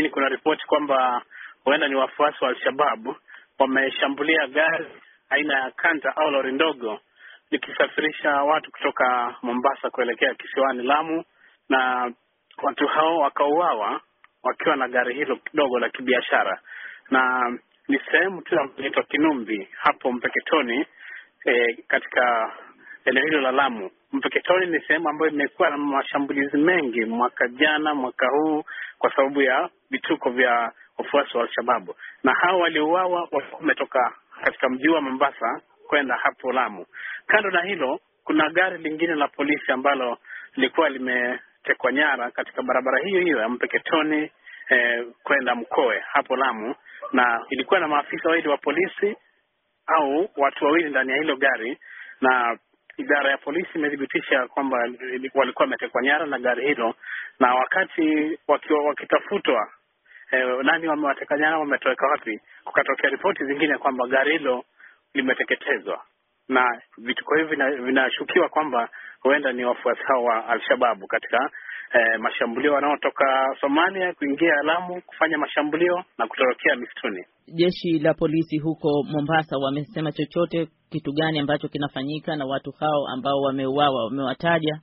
lakini kuna ripoti kwamba huenda ni wafuasi wa Al-Shabaab wameshambulia gari aina ya kanta au lori ndogo likisafirisha watu kutoka Mombasa kuelekea kisiwani Lamu, na watu hao wakauawa wakiwa na gari hilo kidogo la kibiashara, na ni sehemu tu inaitwa Kinumbi hapo Mpeketoni, e, katika eneo hilo la Lamu. Mpeketoni ni sehemu ambayo imekuwa na mashambulizi mengi mwaka jana, mwaka huu kwa sababu ya vituko vya wafuasi wa Alshababu, na hawa waliouawa walikuwa wametoka katika mji wa Mombasa kwenda hapo Lamu. Kando na hilo, kuna gari lingine la polisi ambalo lilikuwa limetekwa nyara katika barabara hiyo hiyo ya Mpeketoni eh, kwenda Mkoe hapo Lamu, na ilikuwa na maafisa wawili wa polisi au watu wawili ndani ya hilo gari, na idara ya polisi imethibitisha kwamba walikuwa wametekwa nyara na gari hilo na wakati wakiwa wakitafutwa eh, nani wamewateka nyara wametoweka wapi, kukatokea ripoti zingine kwamba gari hilo limeteketezwa na vituko hivi vinashukiwa kwamba huenda ni wafuasi hao wa Alshababu katika eh, mashambulio wanaotoka Somalia kuingia Lamu kufanya mashambulio na kutorokea misituni. Jeshi la polisi huko Mombasa wamesema chochote, kitu gani ambacho kinafanyika na watu hao ambao wameuawa? Wamewataja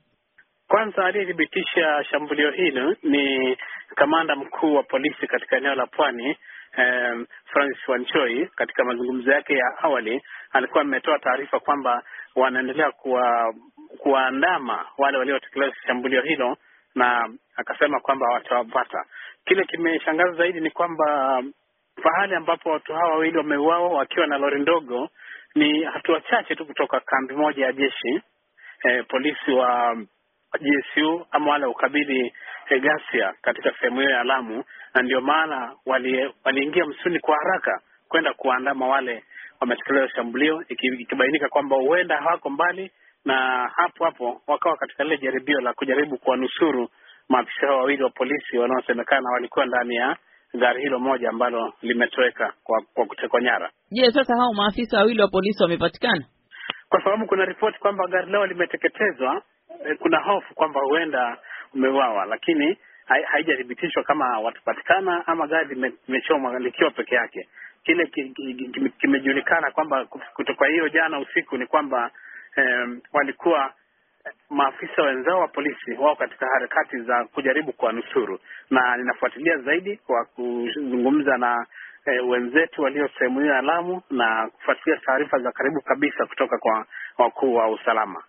kwanza aliyethibitisha shambulio hilo ni kamanda mkuu wa polisi katika eneo la pwani um, Francis Wanchoi. Katika mazungumzo yake ya awali alikuwa ametoa taarifa kwamba wanaendelea kuwa, kuwaandama wale waliotekeleza shambulio hilo na akasema kwamba watawapata. Kile kimeshangaza zaidi ni kwamba pahali ambapo watu hawa wawili wameuawa wakiwa na lori ndogo ni hatua chache tu kutoka kambi moja ya jeshi eh, polisi wa GSU ama wale ukabili ghasia katika sehemu hiyo ya Lamu, na ndio maana waliingia wali msituni kwa haraka kwenda kuandama wale wametekeleza shambulio, ikibainika kwamba huenda hawako mbali na hapo hapo, wakawa katika lile jaribio la kujaribu kuwanusuru maafisa hao wawili wa polisi wanaosemekana walikuwa ndani ya gari hilo moja ambalo limetoweka kwa, kwa kutekwa nyara. Je, yes, sasa hao maafisa wawili wa polisi wamepatikana? Kwa sababu kuna ripoti kwamba gari lao limeteketezwa Eh, kuna hofu kwamba huenda umeuawa, lakini haijathibitishwa kama watapatikana ama gari limechomwa likiwa peke yake. Kile kimejulikana kwamba kutoka hiyo jana usiku ni kwamba eh, walikuwa maafisa wenzao wa polisi wao katika harakati za kujaribu kuwanusuru, na ninafuatilia zaidi kwa kuzungumza na e, wenzetu walio sehemu hiyo ya Lamu na kufuatilia taarifa za karibu kabisa kutoka kwa wakuu wa usalama.